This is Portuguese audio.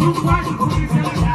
Tudo vai